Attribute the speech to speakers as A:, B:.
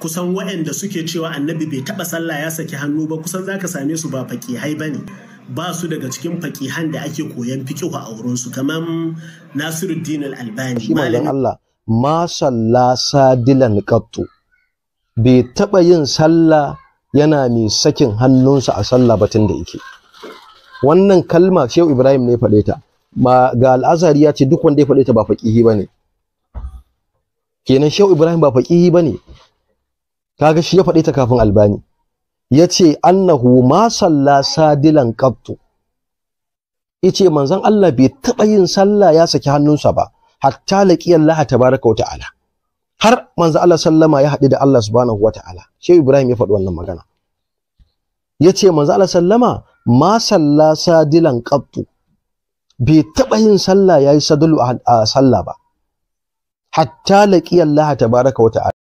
A: kusan waɗanda suke cewa annabi bai taɓa sallah ya saki hannu ba kusan za ka same su ba fakihai ba ne ba su daga cikin fakihan da ake koyan fikihu a wurinsu kamar nasiruddin al-albani malamin Allah
B: ma salla sadilan qattu bai taɓa yin sallah yana mai sakin hannunsa a sallah batun da yake wannan kalma shehu ibrahim ne faɗe ta ga al'azari ya ce duk wanda ya faɗe ta ba faƙihi ba ne kenan shehu ibrahim ba faƙihi ba ne kaga shi ya faɗi ta kafin albani ya ce annahu ma salla sadilan qabtu yace manzon Allah bai taɓa yin sallah ya saki hannunsa ba hatta laqiyallaha tabaraka wa ta'ala har manzon Allah sallama ya haɗu da Allah subhanahu wa ta'ala shehu Ibrahim ya faɗi wannan magana yace manzon Allah sallama ma salla sadilan qabtu bai taɓa yin sallah ya yi sadulu a sallah ba hatta laƙiyallaha tabaraka wa ta'ala